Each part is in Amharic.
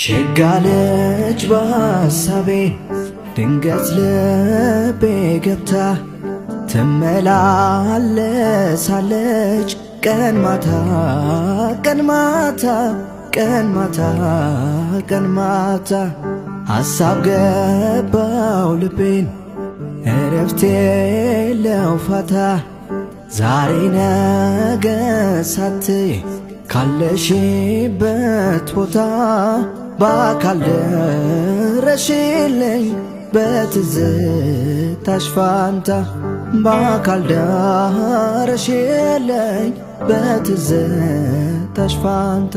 ሸጋ ልጅ በሐሳቤ ድንገት ልቤ ገብታ ትመላለሳለች ቀን ማታ ቀን ማታ ቀን ማታ ቀን ማታ ሐሳብ ገባው ልቤን እረፍቴ የለው ፋታ ዛሬ ነገ ሳትይ ካለሽበት ቦታ በአካል ደረሽልኝ በትዝታሽ ፋንታ በአካል ዳረሽልኝ በትዝታሽ ፋንታ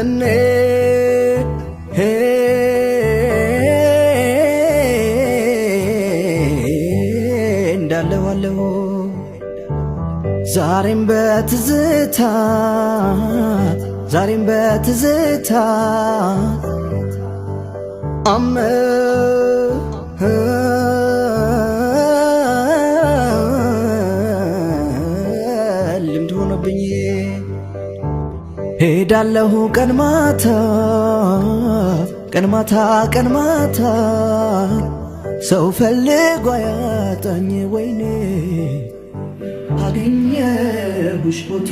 እኔ እንዳለው ዛሬም በትዝታ ዛሬም በትዝታ አመ ልምድ ሆነብኝ ሄዳለሁ ቀን ማታ ቀን ማታ ቀን ማታ ሰው ፈልጎ ያጣኝ ወይኔ አገኘሁሽ ቦታ